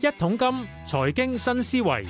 一桶金財經新思維。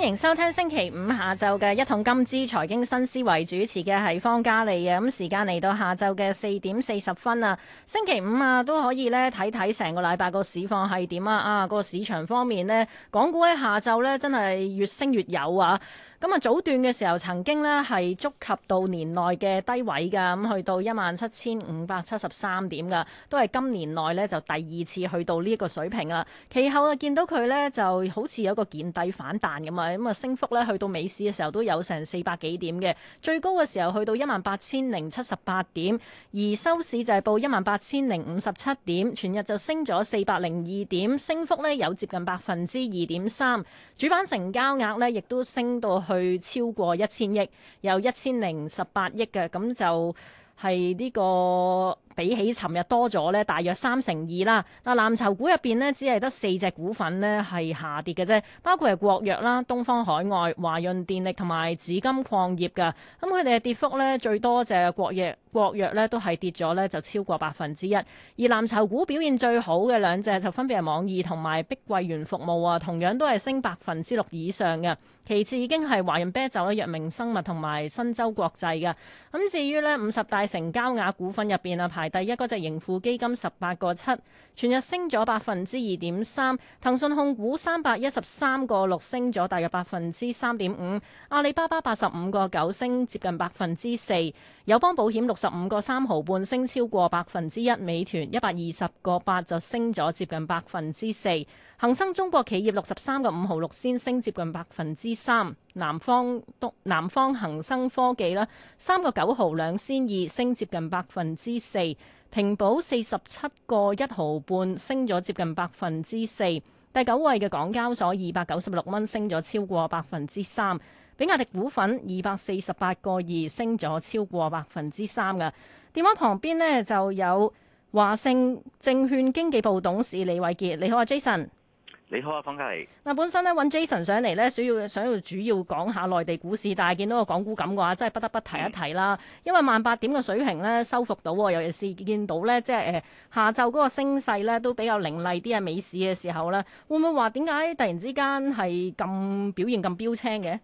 歡迎收聽星期五下晝嘅一桶金之財經新思維，主持嘅係方嘉利。啊，咁時間嚟到，下晝嘅四點四十分啊，星期五啊都可以咧睇睇成個禮拜個市況係點啊，啊個市場方面呢，港股喺下晝咧真係越升越有啊，咁啊早段嘅時候曾經呢係觸及到年內嘅低位噶，咁去到一萬七千五百七十三點噶，都係今年內咧就第二次去到呢一個水平啦，其後啊見到佢咧就好似有個見底反彈咁啊。咁啊，升幅咧去到尾市嘅時候都有成四百幾點嘅，最高嘅時候去到一萬八千零七十八點，而收市就係報一萬八千零五十七點，全日就升咗四百零二點，升幅咧有接近百分之二點三，主板成交額咧亦都升到去超過一千億，有一千零十八億嘅，咁就係呢、這個。比起尋日多咗呢，大約三成二啦。嗱，藍籌股入邊呢，只係得四隻股份呢係下跌嘅啫，包括係國藥啦、東方海外、華潤電力同埋紫金礦業㗎。咁佢哋嘅跌幅呢，最多就係國藥，國藥呢都係跌咗呢，就超過百分之一。而藍籌股表現最好嘅兩隻就分別係網易同埋碧桂園服務啊，同樣都係升百分之六以上嘅。其次已經係華潤啤酒啦、藥明生物同埋新洲國際嘅。咁至於呢，五十大成交額股份入邊啊排。第一個就係盈富基金十八個七，全日升咗百分之二點三。騰訊控股三百一十三個六，升咗大約百分之三點五。阿里巴巴八十五個九，升接近百分之四。友邦保險六十五個三毫半，升超過百分之一。美團一百二十個八就升咗接近百分之四。恒生中國企業六十三個五毫六先升接近百分之三。南方東南方恒生科技啦，三個九毫兩先二升接近百分之四。平保四十七個一毫半，升咗接近百分之四。第九位嘅港交所二百九十六蚊，升咗超過百分之三。比亞迪股份二百四十八個二，升咗超過百分之三嘅。電話旁邊呢就有華盛證券經紀部董事李偉傑，你好啊，Jason。你好啊，方嘉麗。嗱，本身咧揾 Jason 上嚟咧，主要想要主要講下內地股市，但係見到個港股咁嘅話，真係不得不提一提啦。因為萬八點嘅水平咧，收復到，尤其是見到咧，即係誒、呃、下晝嗰個升勢咧，都比較凌厲啲啊。美市嘅時候咧，會唔會話點解突然之間係咁表現咁標青嘅？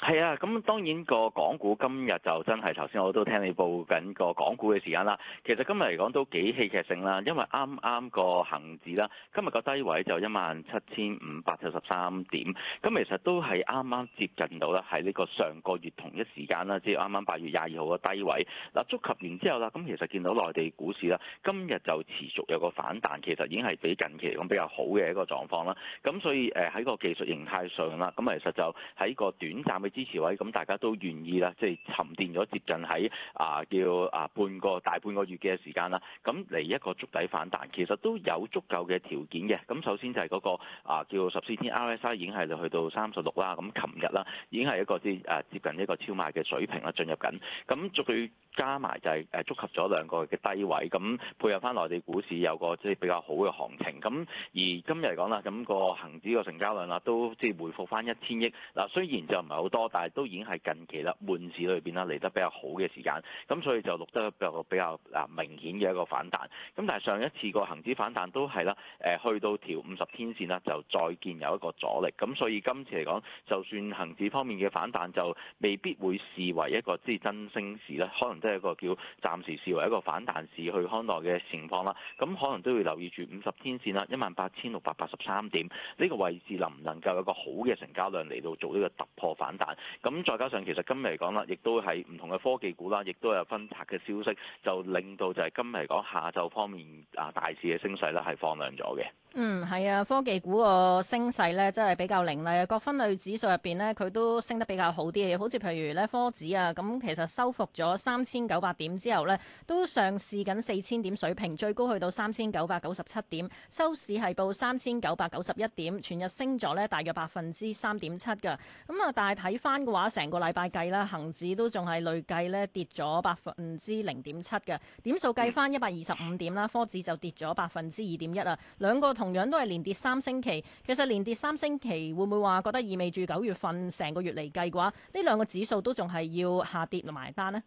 係啊，咁當然個港股今日就真係頭先我都聽你報緊個港股嘅時間啦。其實今日嚟講都幾戲劇性啦，因為啱啱個恒指啦，今日個低位就一萬七千五百七十三點，咁其實都係啱啱接近到啦，喺呢個上個月同一時間啦，即係啱啱八月廿二號嘅低位。嗱，觸及完之後啦，咁其實見到內地股市啦，今日就持續有個反彈，其實已經係比近期嚟講比較好嘅一個狀況啦。咁所以誒，喺個技術形態上啦，咁其實就喺個短暫嘅支持位咁大家都願意啦，即係沉澱咗接近喺啊、呃、叫啊半個大半個月嘅時間啦，咁嚟一個築底反彈，其實都有足夠嘅條件嘅。咁首先就係嗰、那個啊、呃、叫十四天 RSI 已經係去到三十六啦，咁琴日啦已經係一個啲啊、呃、接近一個超賣嘅水平啦，進入緊。咁再加埋就係誒觸及咗兩個嘅低位，咁配合翻內地股市有個即係比較好嘅行情。咁而今日嚟講啦，咁、那個恒指個成交量啦都即係回復翻一千億。嗱、呃，雖然就唔係好多。但係都已經係近期啦，盤市裏邊啦嚟得比較好嘅時間，咁所以就錄得一個比較比較明顯嘅一個反彈。咁但係上一次個恒指反彈都係啦，誒去到條五十天線啦，就再見有一個阻力。咁所以今次嚟講，就算恒指方面嘅反彈，就未必會視為一個即係真升市啦，可能都係一個叫暫時視為一個反彈市去看待嘅情況啦。咁可能都要留意住五十天線啦，一萬八千六百八十三點呢個位置能唔能夠有一個好嘅成交量嚟到做呢個突破反彈？咁再加上其實今日嚟講啦，亦都係唔同嘅科技股啦，亦都有分拆嘅消息，就令到就係今日嚟講下晝方面啊，大市嘅升勢咧係放量咗嘅。嗯，係啊，科技股個升勢咧真係比較凌厲，各分類指數入邊呢，佢都升得比較好啲嘅。好似譬如咧科指啊，咁其實收復咗三千九百點之後呢，都上試緊四千點水平，最高去到三千九百九十七點，收市係報三千九百九十一點，全日升咗呢大約百分之三點七㗎。咁啊，大體翻嘅話，成個禮拜計啦，恒指都仲係累計咧跌咗百分之零點七嘅點數，計翻一百二十五點啦，科指就跌咗百分之二點一啦，兩個同樣都係連跌三星期。其實連跌三星期，會唔會話覺得意味住九月份成個月嚟計嘅話，呢兩個指數都仲係要下跌埋單呢？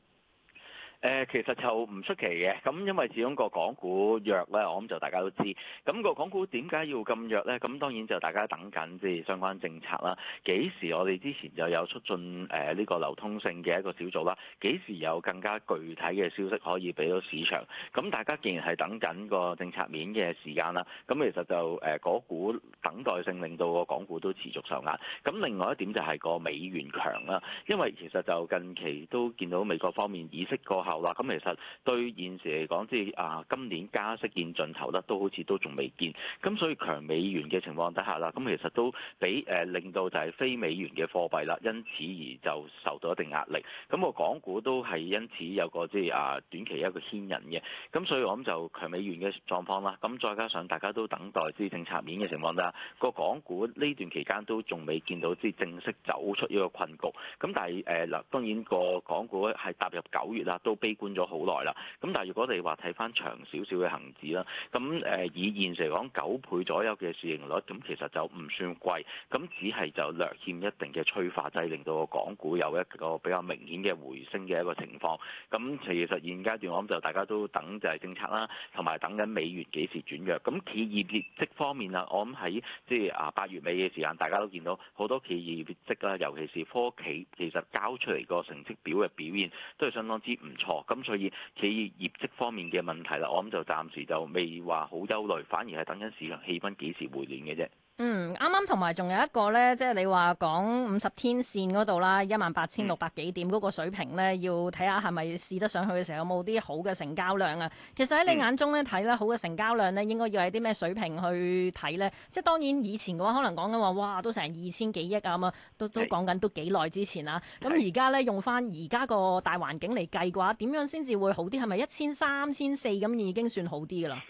誒其實就唔出奇嘅，咁因為始終個港股弱呢，我諗就大家都知。咁個港股點解要咁弱呢？咁當然就大家等緊即係相關政策啦。幾時我哋之前就有促進誒呢個流通性嘅一個小組啦，幾時有更加具體嘅消息可以俾到市場？咁大家既然係等緊個政策面嘅時間啦，咁其實就誒嗰股等待性令到個港股都持續受壓。咁另外一點就係個美元強啦，因為其實就近期都見到美國方面意識過啦，咁其實對現時嚟講，即係啊，今年加息見盡頭啦，都好似都仲未見。咁所以強美元嘅情況底下啦，咁其實都俾誒、呃、令到就係非美元嘅貨幣啦，因此而就受到一定壓力。咁個港股都係因此有個即係啊短期一個牽引嘅。咁所以我諗就強美元嘅狀況啦。咁再加上大家都等待即係政策面嘅情況啦，個港股呢段期間都仲未見到即係正式走出呢個困局。咁但係誒嗱，當然個港股係踏入九月啦，都悲觀咗好耐啦，咁但係如果你話睇翻長少少嘅恆指啦，咁誒以現時嚟講九倍左右嘅市盈率，咁其實就唔算貴，咁只係就略欠一定嘅催化劑，就是、令到個港股有一個比較明顯嘅回升嘅一個情況。咁其實現階段我諗就大家都等就係政策啦，同埋等緊美元幾時轉弱。咁企業業績方面啊，我諗喺即係啊八月尾嘅時間，大家都見到好多企業業績啦，尤其是科企，其實交出嚟個成績表嘅表現都係相當之唔錯。咁、哦、所以企業業績方面嘅問題啦，我諗就暫時就未話好憂慮，反而係等緊市場氣氛幾時回暖嘅啫。嗯，啱啱同埋仲有一個咧，即係你話講五十天線嗰度啦，一萬八千六百幾點嗰個水平咧，要睇下係咪試得上去嘅時候有冇啲好嘅成交量啊？其實喺你眼中咧睇咧，嗯、好嘅成交量咧應該要喺啲咩水平去睇咧？即係當然以前嘅話可能講緊話，哇，都成二千幾億啊咁啊，都都講緊都幾耐之前啦、啊。咁而家咧用翻而家個大環境嚟計嘅話，點樣先至會好啲？係咪一千三千四咁已經算好啲噶啦？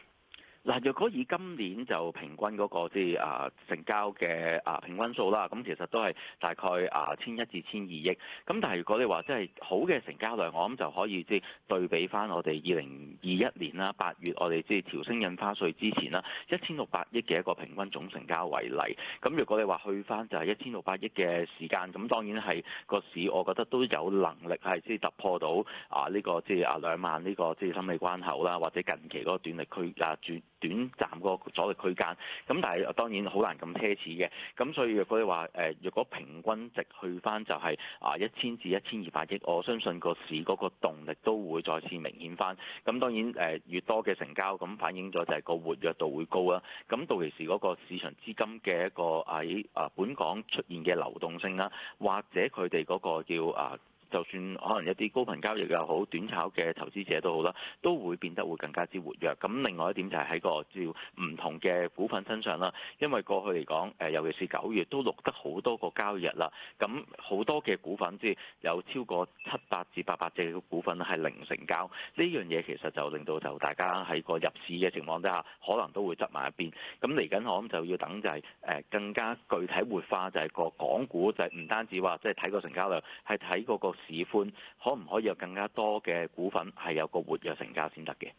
嗱，若果以今年就平均嗰個即係啊成交嘅啊平均數啦，咁其實都係大概啊千一至千二億。咁但係如果你話即係好嘅成交量，我諗就可以即係對比翻我哋二零二一年啦，八月我哋即係調升印花稅之前啦，一千六百億嘅一個平均總成交為例。咁如果你話去翻就係一千六百億嘅時間，咁當然係個市，我覺得都有能力係即係突破到啊呢個即係啊兩萬呢個即係心理關口啦，或者近期嗰個短力區啊轉。短暫個阻力區間，咁但係當然好難咁奢侈嘅。咁所以若果你話誒，若果平均值去翻就係啊一千至一千二百億，我相信個市嗰個動力都會再次明顯翻。咁當然誒，越多嘅成交，咁反映咗就係個活躍度會高啦。咁到時嗰個市場資金嘅一個喺啊本港出現嘅流動性啦，或者佢哋嗰個叫啊。就算可能一啲高頻交易又好，短炒嘅投資者都好啦，都會變得會更加之活躍。咁另外一點就係喺個照唔同嘅股份身上啦，因為過去嚟講誒尤其是九月都錄得好多個交易日啦，咁好多嘅股份即係有超過七百至八百隻嘅股份係零成交。呢樣嘢其實就令到就大家喺個入市嘅情況底下，可能都會執埋一邊。咁嚟緊我諗就要等就係誒更加具體活化，就係個港股就係唔單止話即係睇個成交量，係睇嗰個市寬可唔可以有更加多嘅股份係有個活躍成交先得嘅？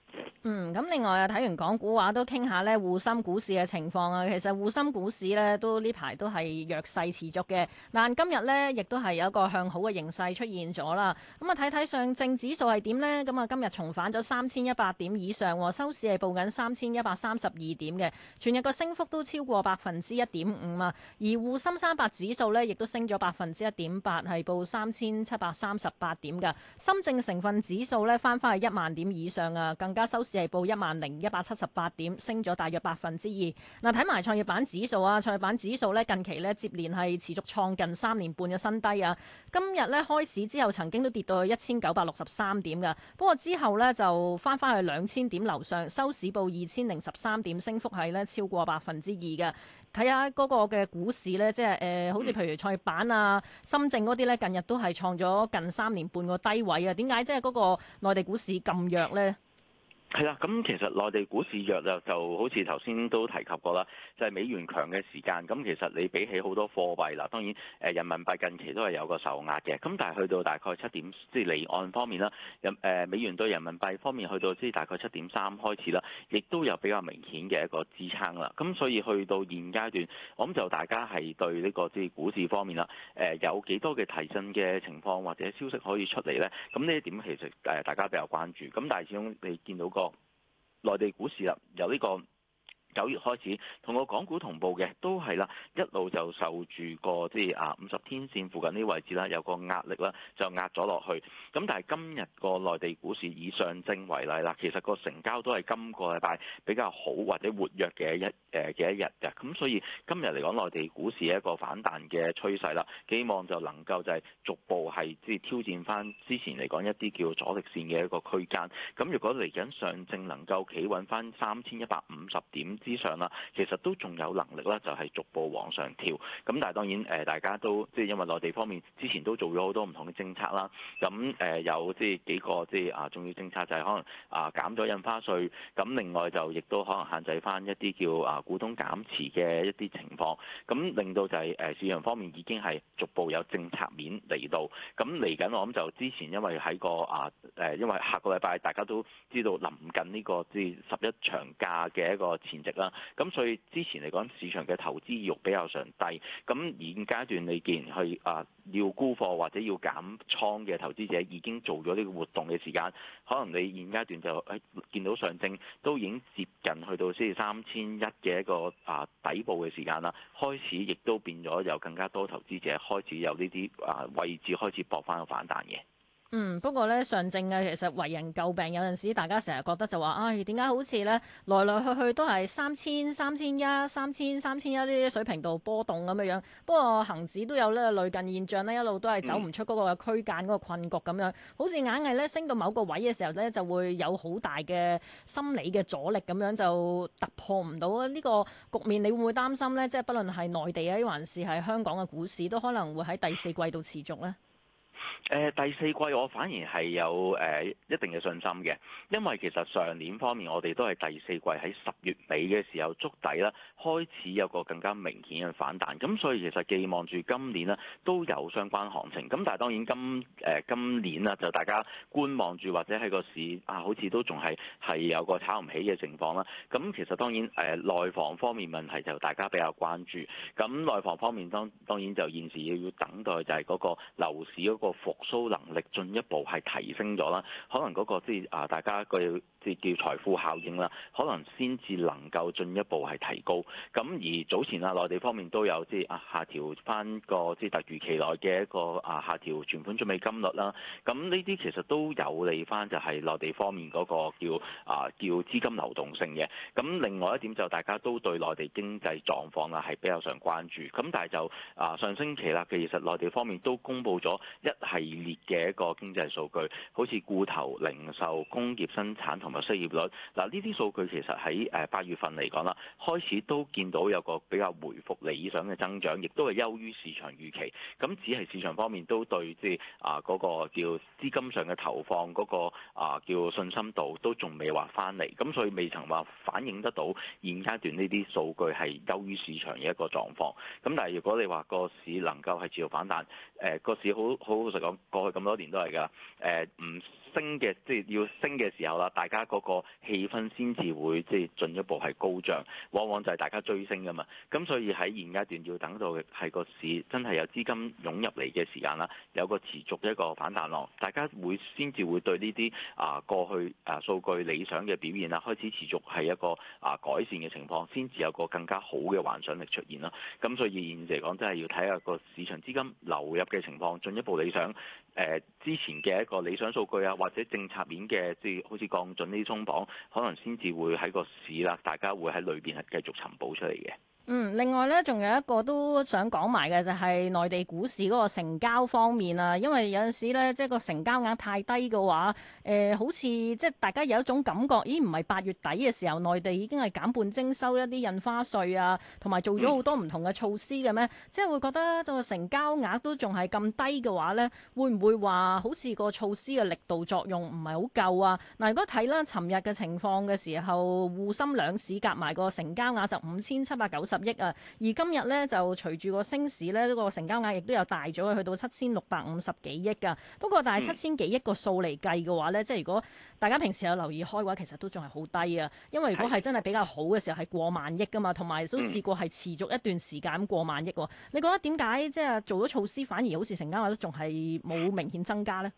嗯，咁另外啊，睇完港股話都傾下呢滬深股市嘅情況啊。其實滬深股市呢都呢排都係弱勢持續嘅，但今日呢亦都係有個向好嘅形勢出現咗啦。咁啊睇睇上證指數係點呢？咁啊今日重返咗三千一百點以上，收市係報緊三千一百三十二點嘅，全日個升幅都超過百分之一點五啊。而滬深三百指數呢亦都升咗百分之一點八，係報三千七百。三十八點噶，深證成分指數咧，翻翻去一萬點以上啊，更加收市係報一萬零一百七十八點，升咗大約百分之二。嗱，睇埋創業板指數啊，創業板指數咧近期咧接連係持續創近三年半嘅新低啊。今日咧開市之後曾經都跌到去一千九百六十三點嘅，不過之後咧就翻翻去兩千點樓上，收市報二千零十三點，升幅係咧超過百分之二嘅。睇下嗰個嘅股市呢，即係、呃、好似譬如創業板啊、深圳嗰啲呢，近日都係創咗近三年半個低位啊。點解即係嗰個內地股市咁弱呢？係啦，咁其實內地股市弱就好似頭先都提及過啦，就係美元強嘅時間。咁其實你比起好多貨幣啦，當然誒人民幣近期都係有個受壓嘅。咁但係去到大概七點，即係離岸方面啦，人美元對人民幣方面去到即係大概七點三開始啦，亦都有比較明顯嘅一個支撐啦。咁所以去到現階段，我諗就大家係對呢個即係股市方面啦，誒有幾多嘅提振嘅情況或者消息可以出嚟呢？咁呢一點其實誒大家比較關注。咁但係始終你見到個。內地股市啊，有呢個九月開始同個港股同步嘅，都係啦，一路就受住個即係啊五十天線附近呢位置啦，有個壓力啦，就壓咗落去。咁但係今日個內地股市以上證為例啦，其實個成交都係今個禮拜比較好或者活躍嘅一誒嘅一日嘅。咁所以今日嚟講內地股市係一個反彈嘅趨勢啦，希望就能夠就係逐步係即係挑戰翻之前嚟講一啲叫阻力線嘅一個區間。咁如果嚟緊上證能夠企穩翻三千一百五十點，之上啦，其實都仲有能力啦，就係逐步往上跳。咁但係當然誒大家都即係，因為內地方面之前都做咗好多唔同嘅政策啦。咁誒有即係幾個即係啊重要政策就係可能啊減咗印花稅。咁另外就亦都可能限制翻一啲叫啊股東減持嘅一啲情況，咁令到就係誒市場方面已經係逐步有政策面嚟到。咁嚟緊我諗就之前，因為喺個啊誒，因為下個禮拜大家都知道，臨近呢個即係十一長假嘅一個前夕。啦，咁所以之前嚟講市場嘅投資欲比較上低。咁現階段你既然去啊要沽貨或者要減倉嘅投資者，已經做咗呢個活動嘅時間，可能你現階段就喺見到上升，都已經接近去到先至三千一嘅一個啊底部嘅時間啦。開始亦都變咗有更加多投資者開始有呢啲啊位置開始搏翻個反彈嘅。嗯，不過咧上證啊，其實為人詬病，有陣時大家成日覺得就話，唉點解好似咧來來去去都係三千三千一、三千三千一呢啲水平度波動咁樣。不過恒指都有咧類近現象呢，一路都係走唔出嗰個區間、嗰個困局咁樣。好似硬係咧升到某個位嘅時候咧，就會有好大嘅心理嘅阻力咁樣，就突破唔到呢個局面。你會唔會擔心咧？即係不論係內地啊，還是係香港嘅股市，都可能會喺第四季度持續咧。誒第四季我反而係有誒一定嘅信心嘅，因為其實上年方面我哋都係第四季喺十月尾嘅時候觸底啦，開始有個更加明顯嘅反彈，咁所以其實寄望住今年啦都有相關行情，咁但係當然今誒、呃、今年啦就大家觀望住或者喺個市啊，好似都仲係係有個炒唔起嘅情況啦，咁其實當然誒呃、內房方面問題就大家比較關注，咁內房方面當當然就現時要等待就係嗰個樓市嗰個。復蘇能力進一步係提升咗啦，可能嗰個即係啊，大家個即係叫財富效應啦，可能先至能夠進一步係提高。咁而早前啊，內地方面都有即係啊，下調翻個即係突如其來嘅一個啊，下調存款準備金率啦。咁呢啲其實都有利翻，就係內地方面嗰個叫啊叫資金流動性嘅。咁另外一點就大家都對內地經濟狀況啊係比較上關注。咁但係就啊上星期啦，其實內地方面都公布咗一系列嘅一個經濟數據，好似固投、零售、工業生產同埋失業率，嗱，呢啲數據其實喺誒八月份嚟講啦，開始都見到有個比較回復理想嘅增長，亦都係優於市場預期。咁只係市場方面都對即係啊嗰個叫資金上嘅投放嗰個啊叫信心度都仲未話翻嚟，咁所以未曾話反映得到現階段呢啲數據係優於市場嘅一個狀況。咁但係如果你話個市能夠係持續反彈誒個、啊、市好好。老實講過去咁多年都係㗎，誒、呃、唔升嘅。即係要升嘅時候啦，大家嗰個氣氛先至會即係進一步係高漲。往往就係大家追升㗎嘛，咁所以喺現階段要等到係個市真係有資金湧入嚟嘅時間啦，有個持續一個反彈浪，大家會先至會對呢啲啊過去啊數據理想嘅表現啊，開始持續係一個啊改善嘅情況，先至有個更加好嘅幻想力出現啦。咁所以現時嚟講，真係要睇下個市場資金流入嘅情況，進一步理想誒、呃、之前嘅一個理想數據啊，或者政策面嘅即係好似降準呢啲鬆綁，可能先至會喺個市啦，大家會喺裏邊係繼續尋寶出嚟嘅。嗯，另外咧，仲有一個都想講埋嘅就係、是、內地股市嗰個成交方面啊，因為有陣時咧，即、就、係、是、個成交額太低嘅話，誒、呃、好似即係大家有一種感覺，咦，唔係八月底嘅時候，內地已經係減半徵收一啲印花稅啊，同埋做咗好多唔同嘅措施嘅咩？嗯、即係會覺得個成交額都仲係咁低嘅話咧，會唔會話好似個措施嘅力度作用唔係好夠啊？嗱、啊，如果睇啦，尋日嘅情況嘅時候，滬深兩市夾埋個成交額就五千七百九十十億啊！而今日咧就隨住個升市咧，呢個成交額亦都有大咗去到七千六百五十幾億噶。不過，但係七千幾億個數嚟計嘅話咧，即係如果大家平時有留意開嘅話，其實都仲係好低啊。因為如果係真係比較好嘅時候，係過萬億噶嘛，同埋都試過係持續一段時間咁過萬億。你覺得點解即係做咗措施，反而好似成交額都仲係冇明顯增加咧？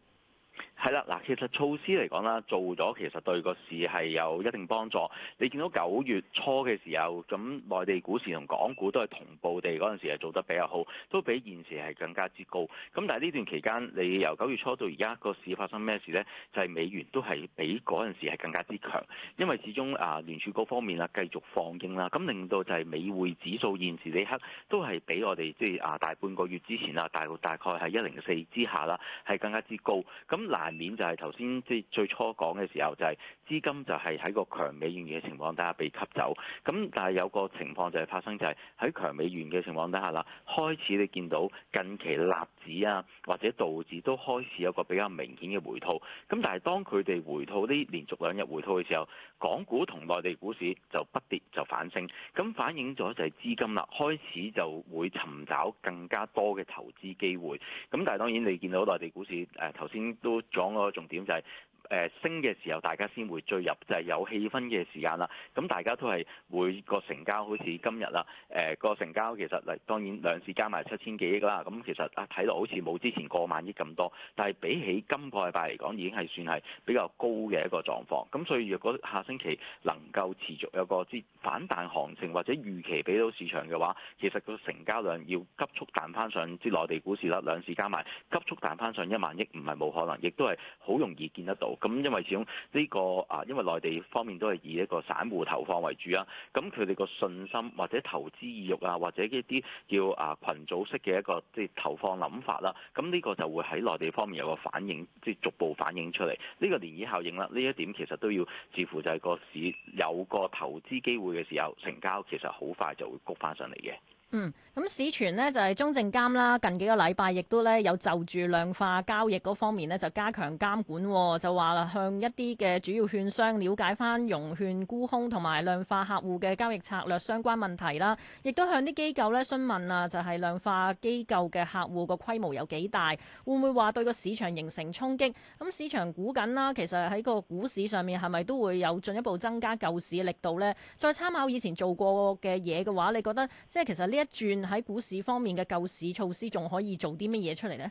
係啦，嗱，其實措施嚟講啦，做咗其實對個市係有一定幫助。你見到九月初嘅時候，咁內地股市同港股都係同步地嗰陣時係做得比較好，都比現時係更加之高。咁但係呢段期間，你由九月初到而家個市發生咩事呢？就係美元都係比嗰陣時係更加之強，因為始終啊聯儲局方面啊繼續放鷹啦，咁令到就係美匯指數現時呢刻都係比我哋即係啊大半個月之前啊大約大概係一零四之下啦，係更加之高，咁。難免就係頭先即係最初講嘅時候，就係、是、資金就係喺個強美元嘅情況底下被吸走。咁但係有個情況就係發生就係喺強美元嘅情況底下啦，開始你見到近期納指啊或者道指都開始有個比較明顯嘅回吐。咁但係當佢哋回吐呢連續兩日回吐嘅時候。港股同內地股市就不跌就反升，咁反映咗就係資金啦，開始就會尋找更加多嘅投資機會，咁但係當然你見到內地股市，誒頭先都講個重點就係。誒升嘅時候，大家先會追入就係、是、有氣氛嘅時間啦。咁大家都係每個成交，好似今日啦，誒、呃、個成交其實嚟當然兩市加埋七千幾億啦。咁其實啊睇落好似冇之前過萬億咁多，但係比起今個禮拜嚟講，已經係算係比較高嘅一個狀況。咁所以若果下星期能夠持續有個之反彈行情，或者預期俾到市場嘅話，其實個成交量要急速彈翻上，即係內地股市啦，兩市加埋急速彈翻上一萬億，唔係冇可能，亦都係好容易見得到。咁因為始終呢個啊，因為內地方面都係以一個散戶投放為主啊，咁佢哋個信心或者投資意欲啊，或者一啲叫啊群組式嘅一個即係投放諗法啦，咁呢個就會喺內地方面有個反應，即係逐步反映出嚟。呢個漣漪效應啦，呢一點其實都要似乎就係個市有個投資機會嘅時候，成交其實好快就會谷翻上嚟嘅。嗯，咁市傳咧就係、是、中證監啦，近幾個禮拜亦都咧有就住量化交易嗰方面咧就加強監管、哦，就話啦向一啲嘅主要券商了解翻融券沽空同埋量化客戶嘅交易策略相關問題啦，亦都向啲機構咧詢問啊，就係量化機構嘅客戶個規模有幾大，會，唔會話對個市場形成衝擊？咁、嗯、市場估緊啦，其實喺個股市上面係咪都會有進一步增加救市嘅力度咧？再參考以前做過嘅嘢嘅話，你覺得即係其實呢一？轉喺股市方面嘅救市措施，仲可以做啲乜嘢出嚟咧？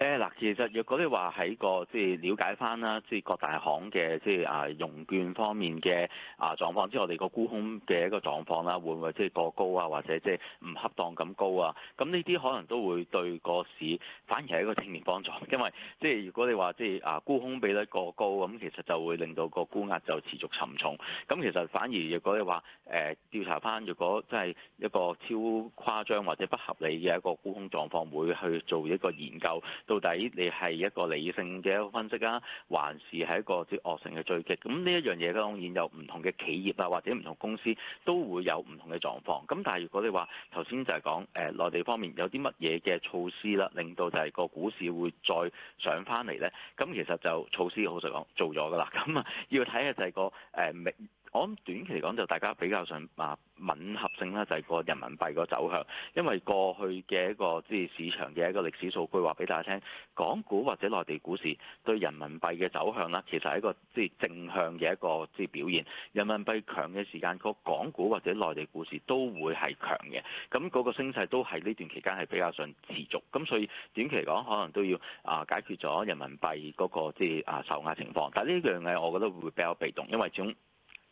誒嗱，其實若果你話喺個即係了解翻啦，即係各大行嘅即係啊融券方面嘅啊狀況，即係我哋個沽空嘅一個狀況啦，會唔會即係過高啊，或者即係唔恰當咁高啊？咁呢啲可能都會對個市反而係一個正面幫助，因為即係如果你話即係啊沽空比率過高，咁其實就會令到個沽壓就持續沉重。咁其實反而若果你話誒調查翻，若果即係一個超誇張或者不合理嘅一個沽空狀況，會去做一個研究。到底你係一個理性嘅分析啊，還是係一個惡性嘅追擊？咁呢一樣嘢當然有唔同嘅企業啊，或者唔同公司都會有唔同嘅狀況。咁但係如果你話頭先就係講誒、呃、內地方面有啲乜嘢嘅措施啦，令到就係個股市會再上翻嚟呢。咁其實就措施好實講做咗噶啦，咁啊要睇嘅就係個誒、呃我諗短期嚟講就大家比較上啊吻合性啦，就係個人民幣個走向，因為過去嘅一個即係市場嘅一個歷史數據話俾大家聽，港股或者內地股市對人民幣嘅走向啦，其實係一個即係正向嘅一個即係表現。人民幣強嘅時間，個港股或者內地股市都會係強嘅。咁嗰個升勢都係呢段期間係比較上持續。咁所以短期嚟講，可能都要啊解決咗人民幣嗰個即係啊受壓情況。但係呢樣嘢，我覺得會比較被動，因為總，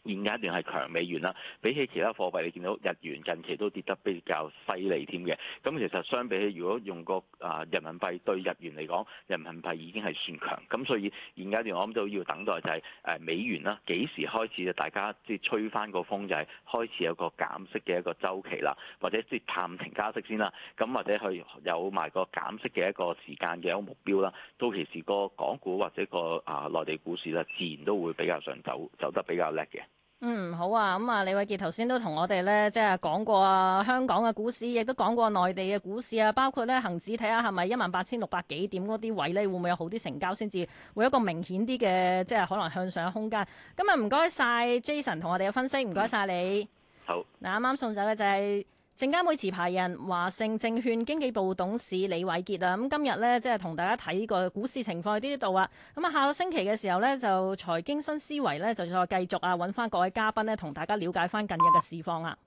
現階段係強美元啦，比起其他貨幣，你見到日元近期都跌得比較犀利添嘅。咁其實相比起，如果用個啊人民幣對日元嚟講，人民幣已經係算強。咁所以現階段我諗都要等待就係誒美元啦，幾時開始就大家即係吹翻個風，就係開始有個減息嘅一個周期啦，或者即係暫停加息先啦。咁或者去有埋個減息嘅一個時間嘅一個目標啦。到時個港股或者個啊內地股市咧，自然都會比較上走走得比較叻嘅。嗯，好啊，咁、嗯、啊，李偉杰頭先都同我哋咧，即係講過香港嘅股市，亦都講過內地嘅股市啊，包括咧，恒指睇下係咪一萬八千六百幾點嗰啲位咧，會唔會有好啲成交先至會有一個明顯啲嘅，即係可能向上嘅空間。咁啊，唔該晒 Jason 同我哋嘅分析，唔該晒你、嗯。好，嗱啱啱送走嘅就係、是。證監會持牌人華盛證券經紀部董事李偉傑啊，咁今日咧即係同大家睇個股市情況喺呢度啊，咁啊下個星期嘅時候咧就財經新思維咧就再繼續啊揾翻各位嘉賓咧同大家了解翻近日嘅市況啊。